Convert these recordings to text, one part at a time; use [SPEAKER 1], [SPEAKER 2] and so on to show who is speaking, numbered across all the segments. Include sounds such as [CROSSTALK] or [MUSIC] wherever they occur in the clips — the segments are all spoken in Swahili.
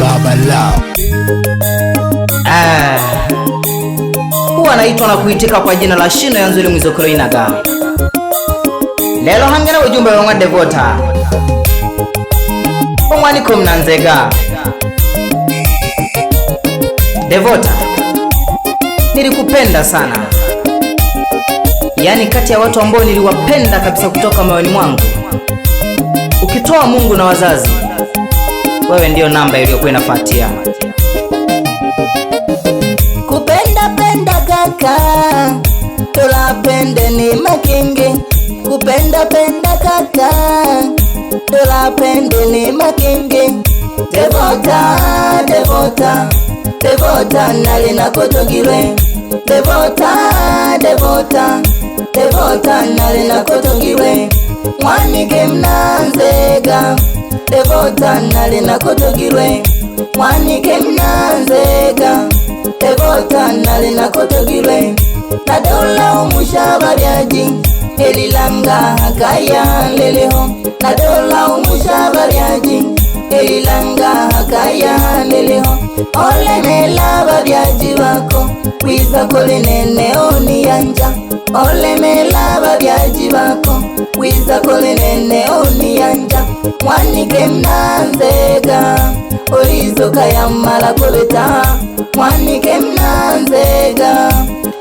[SPEAKER 1] babala eh. Huwa naitwa na kuitika kwa jina la Shino ya Nzuli Mwizukuru Inaga. Lelo hangena ujumbe wonga devota. Omwaniko nzega Devota. Nilikupenda sana. Yaani kati ya watu ambao niliwapenda kabisa kutoka moyoni mwangu. Ukitoa Mungu na wazazi wewe ndiyo namba iliyokuwa inafuatia.
[SPEAKER 2] Kupenda penda kaka, tulapende ni makenge. Kupenda penda kaka, tulapende ni makenge. Devota, devota, devota nali na nakotogilwe. Devota, devota, devota nali na nakotogilwe. Mwanike mnanzega tevotana linakotogilwe mwanike mnanzeka tevotana linakotogilwe nadola umushabalyaji elilanga kaya leleho nadola umushabalyaji elilanga kaya leleho olemela vavyaji vako kwiza kolinene oni olemela babyaji bako wizako linene oniyanja mwanike mnanzega olizoka yamala koleta mwanike mnanzega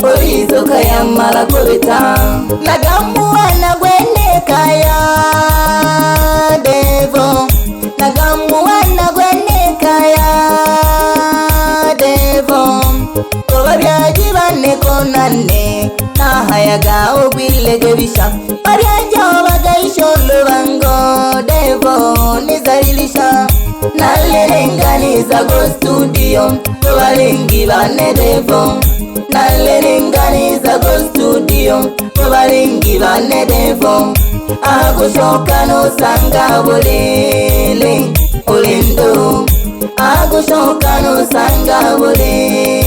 [SPEAKER 2] olizoka yamala koleta nagambuwana gwendekaya ega obile gebisha Marianja wagaisho lubango Devo nizalilisha Nalelenganiza go studio Tobalengi bane devo Nalelenganiza go studio Tobalengi bane devo Agushoka no sanga bolele Olendo Agushoka no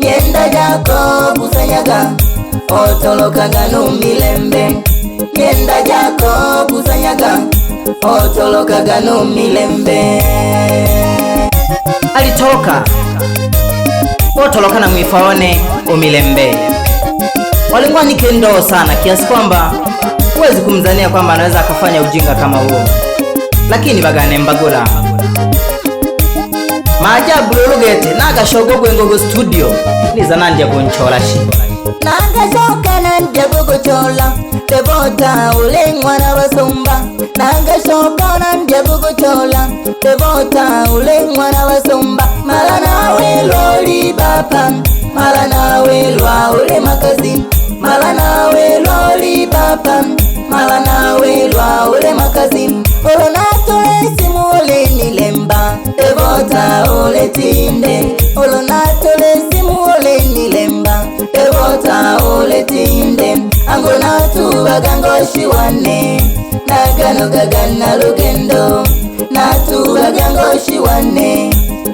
[SPEAKER 2] genda jako kusanyaga otolokaga n'omumirembe genda jako kusanyaga otolokaga n'omumirembe
[SPEAKER 1] alitoloka otoloka na mwifaone umilembe walikuwa ni kendo sana kiasi kwamba huwezi kumzania kwamba anaweza akafanya ujinga kama huo, lakini bagane mbagula Maajabu lolugete nagashogo gwengogo studio niza nandya kunchola shi
[SPEAKER 2] nagashoka nandya kukuchola devota ulengwa na basumba nagashoka nandya kukuchola devota ulengwa na basumba mala nawe loli bapa mala nawe lwa ule makazini mala nawe loli bapa mala mawanawe lwaule makazimu olonatole nilemba evota tinde oletinde olonatole nilemba evota tinde oletinde angonatubagangoshi wane naganogagana lugendo natubagangoshi wane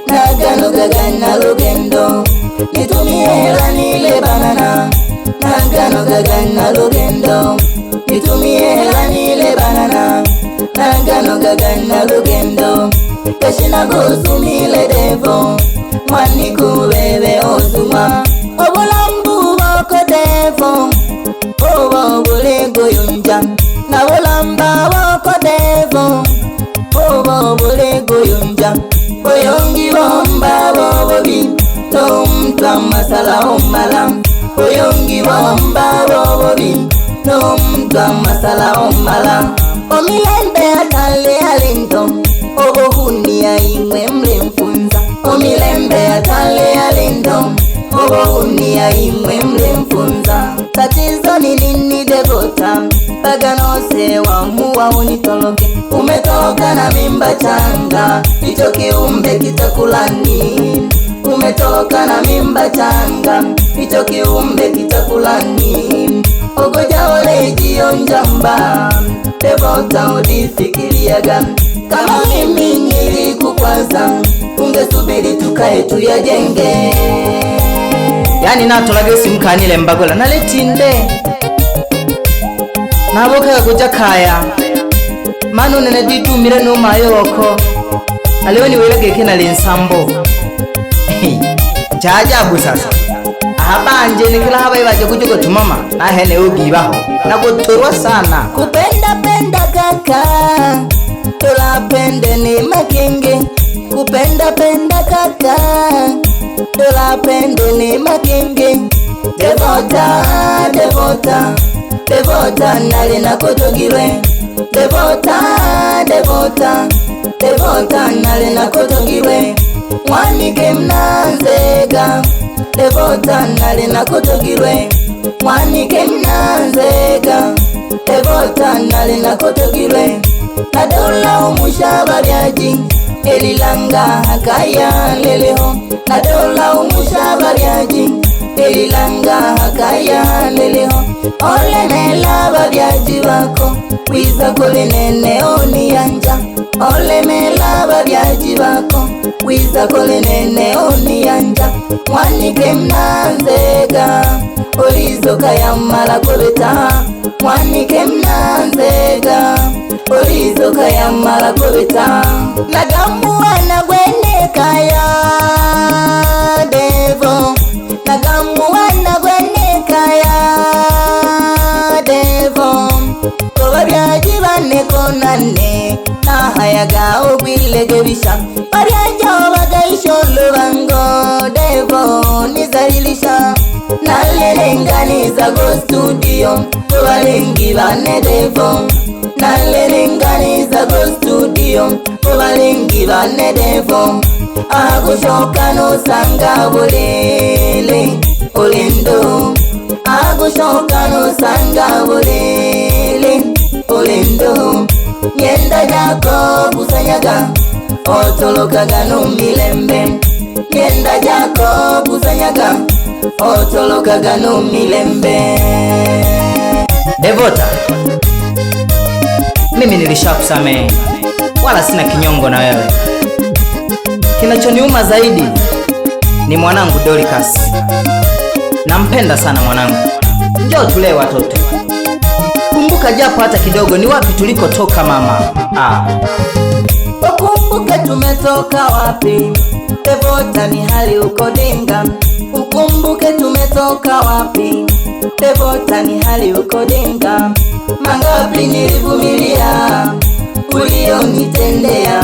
[SPEAKER 2] naganogagana lugendo nitumie hela nile banana naganogagana lugendo nitumie hela nile banana nanganogagana lugendo kashina devo mwaniku kuwewe ozuma obulamu bwoko devo obwo buliguyunja na bulamba bwoko devo obwo buliguyunja buyungi bwomba bwobubi tomtwa masala omala buyungi bwomba bwobubi to mtwa masala ombala omilembe akale alindo obohunia imwe mlimfunza omilembe akale alindo obohunia imwe mlimfunza tatizo ni nini devota paganose wamuwa unitoloke umetoka na mimba changa icho kiumbe kitakulani umetoka na mimba changa icho kiumbe kitakulani Ogoja ole jiyo mjomba, Deba utaudifikiriaga kama mimi nilikukwaza, ungesubiri tukae tuyajenge.
[SPEAKER 1] Yani natolaga simkanile mbagola naletinde navokaga kuja kaya mano nene ditumire nomayoko nalewe niwelegeke nalinsambo chajabu [LAUGHS] sasa haba haba anje habanje nikila habaibaje kucho kotumama nahene na kuturwa sana
[SPEAKER 2] kupenda penda kaka tula pende ni makingi kupenda penda kaka tula pende ni makingi devota devota devota nali nakotogirwe devota devota devota nali nakotogirwe mwanike mnanzega evotana linakotogilwe mwanike na evotana linakotogilwe nadola umushabalyaji elilanga hakaya leleho nadola umushabalyaji elilanga hakaya leleho olenela babyaji bako wiza kulineneoni yanja olemela babyaji bako wizakole nene oniyanja mwanike mnanzega olizoka yammala gobeta mwanike mnanzega olizoka yammala gobeta laga muwana gwenekaya devo നെഗാവ് പിള്ളെഗെ വിഷം പറയാജോവ കൈശോല്ലുവങ്കോ ഡേവോ നിസരിലിഷ nalelenganisa kostudio kubalengi banedevo nalelenganisa kostudio kubalengi banedevo akushoka nosanga bulele olendo akushoka nosanga bulele olendo jako kusanyaga otolokaga n'omumirembe genda jako kusanyaga otolokaga n'omumirembe
[SPEAKER 1] Devota, mimi nilishakusamehe wala sina kinyongo na wewe. Kinachoniuma zaidi ni mwanangu Dorcas, nampenda sana mwanangu. Njoo tulee watoto. Kumbuka japo hata kidogo, ni wapi tulikotoka mama. Ah,
[SPEAKER 2] ukumbuke tumetoka wapi, devota ni hali uko dinga. Ukumbuke tumetoka wapi, devota ni hali uko dinga. Mangapi nilivumilia ulionitendea,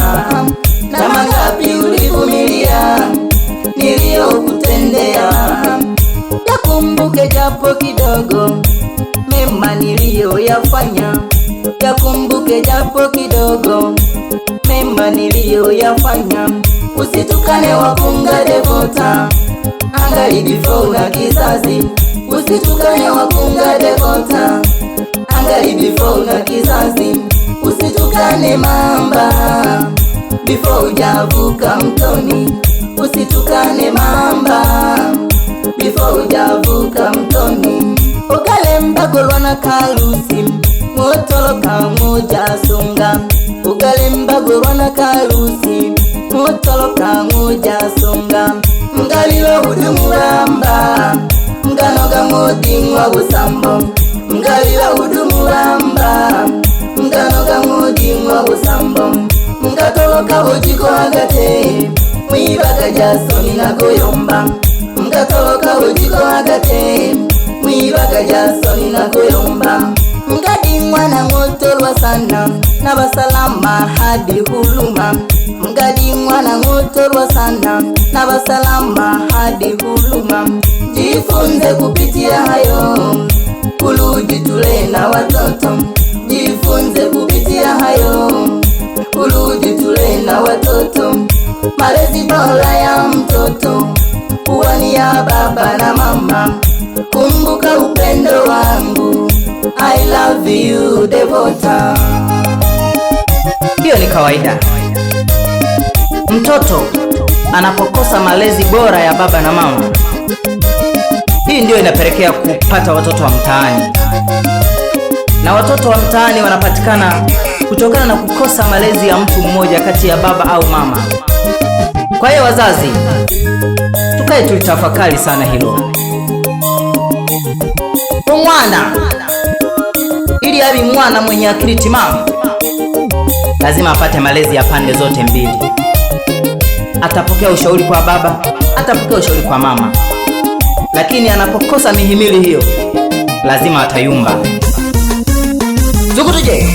[SPEAKER 2] na mangapi ulivumilia niliyokutendea. Yakumbuke japo kidogo mema niliyoyafanya, yakumbuke japo kidogo, mema niliyoyafanya. Usitukane wakunga Devota, angali before una kizazi. Usitukane wakunga Devota, angali kizazi. Usitukane mamba bifo ujavuka mtoni. Usitukane mamba bifo ujavuka mtoni. ukalembagolwana kalusi motoloka mujasunga ukalembagolwana kalusi motoloka mujasunga ngalilo budi mulamba nganoga mudinwa busambo ngalila budi mulamba nganoga mudinwa busambo ngatoloka bujiko hagate mwibaga jasoni nagoyomba ngatoloka bujiko hagate baga lya na kuyomba mgadi mwana ng'otolwa sana na basalama hadi huluma mgadi mwana ng'otolwa sana na basalama hadi huluma jifunze kupitia hayo kuluji tule na watoto jifunze kupitia hayo kuluji tule na watoto malezi bora ya mtoto I love you Devota.
[SPEAKER 1] Hiyo ni kawaida. Mtoto anapokosa malezi bora ya baba na mama, hii ndiyo inapelekea kupata watoto wa mtaani, na watoto wa mtaani wanapatikana kutokana na kukosa malezi ya mtu mmoja kati ya baba au mama. Kwa hiyo wazazi, tukae tulitafakari sana hilo. kumjali mwana mwenye akili timamu lazima apate malezi ya pande zote mbili. Atapokea ushauri kwa baba, atapokea ushauri kwa mama, lakini anapokosa mihimili hiyo lazima atayumba. zukutuje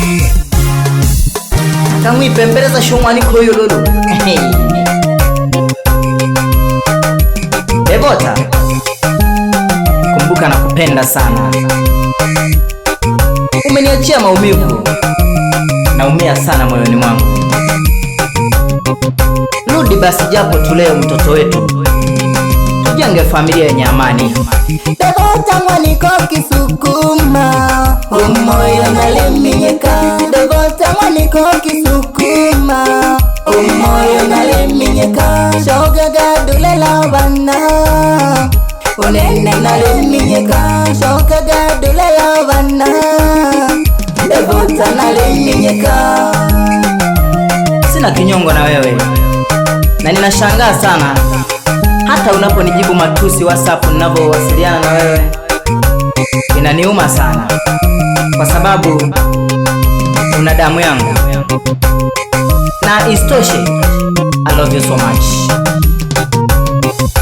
[SPEAKER 1] akamwipembeleza shomwanikoyololo Devota, [LAUGHS] kumbuka na kupenda sana umeniachia maumivu, naumia sana moyoni mwangu. Rudi basi, japo tulee mtoto wetu, tujenge familia yenye amani.
[SPEAKER 2] Devota niko kisukuma umoyo naliminyeka, Devota niko kisukuma umoyo naliminyeka, shogaga dulela wana onene nalemminyeka shaukaga dulayavana devota nyeka
[SPEAKER 1] Sina kinyongo na wewe na ninashangaa sana hata unaponijibu matusi WhatsApp ninavyowasiliana na wewe inaniuma sana, kwa sababu una damu yangu na istoshe, I love you so much.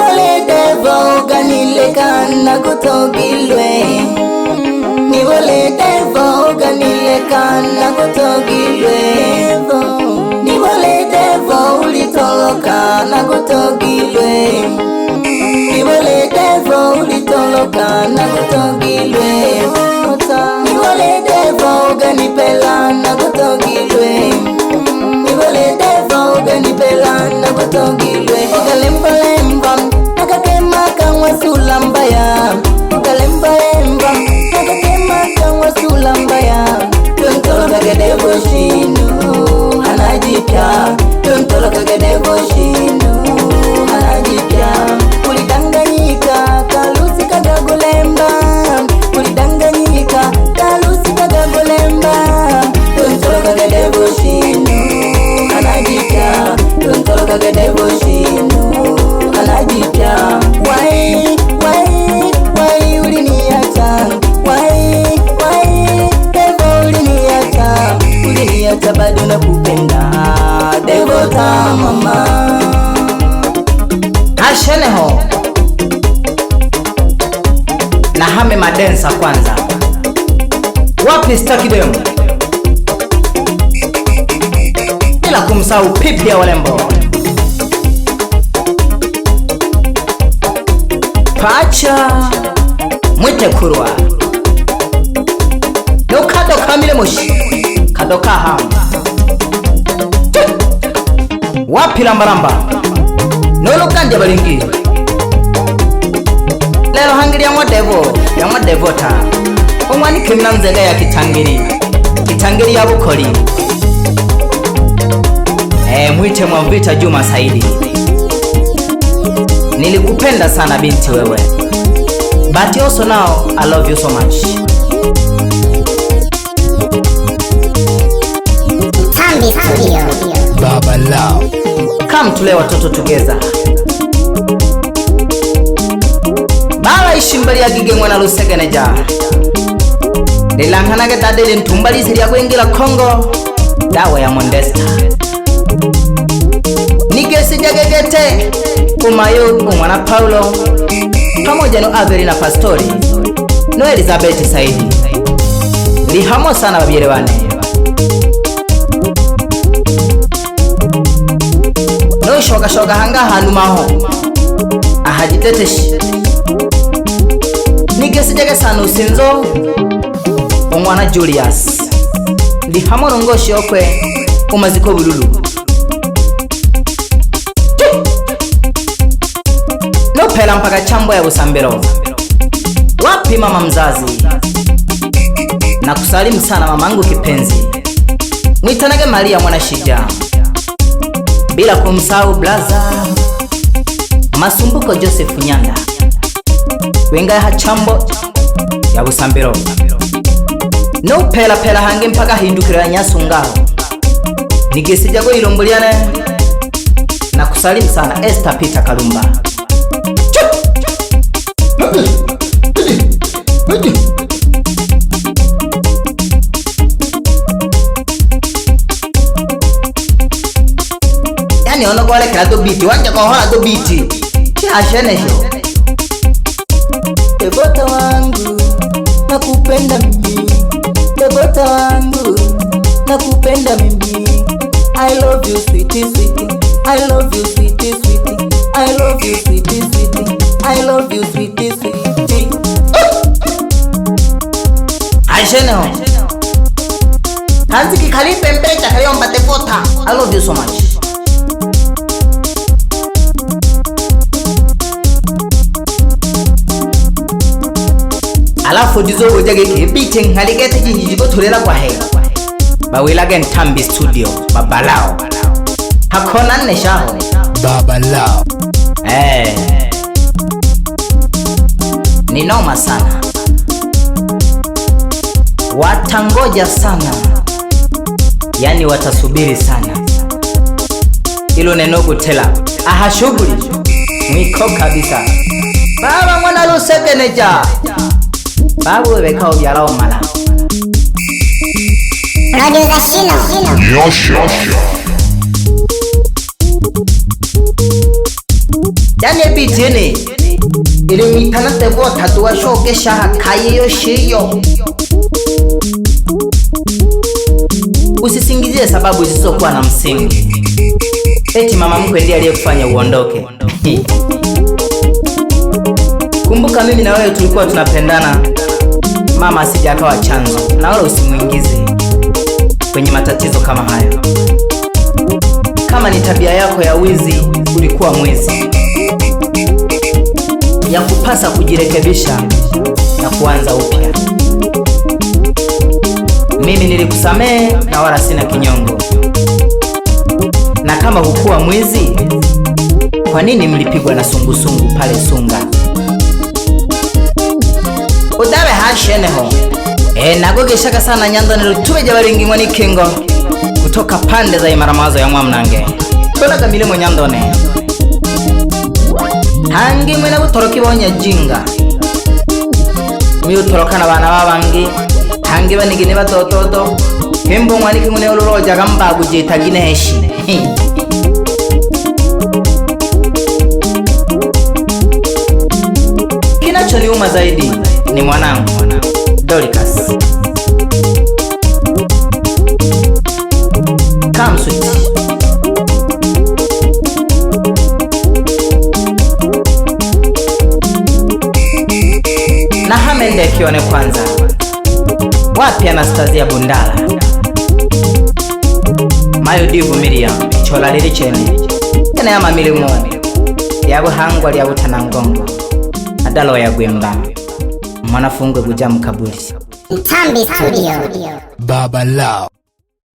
[SPEAKER 2] bole devo ganilekana kutogilwe ni bole devo ganilekana kutogilwe ni bole devo ulitoloka na kutogilwe ni bole devo ulitoloka na kutogilwe ni bole devo ganipela na kutogilwe ni bole devo ganipela na kutogilwe ugalempala kangwa sula kalembaemba nakakema kangwa sula hanajipya tontolakagadeboshinu hanajipya kulidanganyika kalusi kagagolemba kulidanganyika kalusi kagagolemba tontolakagadeboshinu hanajipya tontolakagadeboshinu
[SPEAKER 1] kidemu, bila kumsahau pipi walembo pacha mwetekurwa nokadoka milemoshi kadoka hamba wapilambalamba nolugandya balingi lelo hangili yamwa devo yamwa umwanike nzega ya kitangiri kitangiri ya bukoli e, eh, mwite Mwamvita Juma Saidi, nilikupenda sana binti wewe, but also now I love you so much. Tambi, tambi. Baba love. Come tule watoto together. Bala ishi ya gige mwana lusegeneja nilang'anake dadile ntumbalisi lya kwingila khongo dawa ya mondesta nikesi jagegete umayo umwana paulo pamoja no avelina pastori no elizabeti saidi lihamo sana babyere bane noshokashoka hanga hanu maho ahajiteteshi nikesi jage sana usinzo umwana julius ndi okwe ng'oshokwe umaziko bululu nophela mpaka chambo ya busambelo wapi mama mzazi na kusalimu sana mamangu kipenzi mwitanage maria mwana shija bila kumsahau blaza masumbuko josefu nyanda wenga ya chambo ya busambelo pela hangi mpaka hindukirira nyasungawo nigisijako ilombolyane na kusalimu sana Esther Peter Kalumba yani onogolekela dobiti wanja kohola dobiti ashenesho
[SPEAKER 2] devota wangu nakupenda Mola wangu nakupenda mimi I love you sweetie, sweetie. I love you sweetie.
[SPEAKER 1] itenghali kete chihilipo thulela kwahe gen tambi studio babalao shaho baba lao eh ni noma sana watangoja sana yani watasubiri sana ilo neno kutela aha shughuli mwiko kabisa baba mwana lusekeneja babu webeka ubyala omala radio za shino nyosha dane bitene ilimikana tebo tatuwa shoke shaha kayeyo shiriyo usisingizie sababu zisizokuwa na msingi eti mama mkwe ndiye aliyekufanya uondoke [LAUGHS] kumbuka mimi na wewe tulikuwa tunapendana mama asija akawa chanzo, na wala usimwingize kwenye matatizo kama hayo. Kama ni tabia yako ya wizi, ulikuwa mwizi, ya kupasa kujirekebisha na kuanza upya. Mimi nilikusamehe na wala sina kinyongo. Na kama hukuwa mwizi, kwa nini mlipigwa na sungusungu pale Sunga? Nsheneho e, nagogeshaka sana nyandaniro tubeja baringingwa n'ikingo kutoka pande za imaramazo ya mwamnange tonagamile mwe nyandone hangi mwe nabutoroki bonya jinga miutorokana bana babangi hangi banigine batototo kembo mwaniki mune ulurojaga mbagujitagine heshi kinachoniuma zaidi ni mwanangu na hamende kione kwanza wapi Anastasia Bundala mayudivu Miriam chola lili chene ene ya mamilimu lya buhangwa lya butanangongo adaloya gwemba mwanafungwe guja mukabuli Tam bir Baba Love.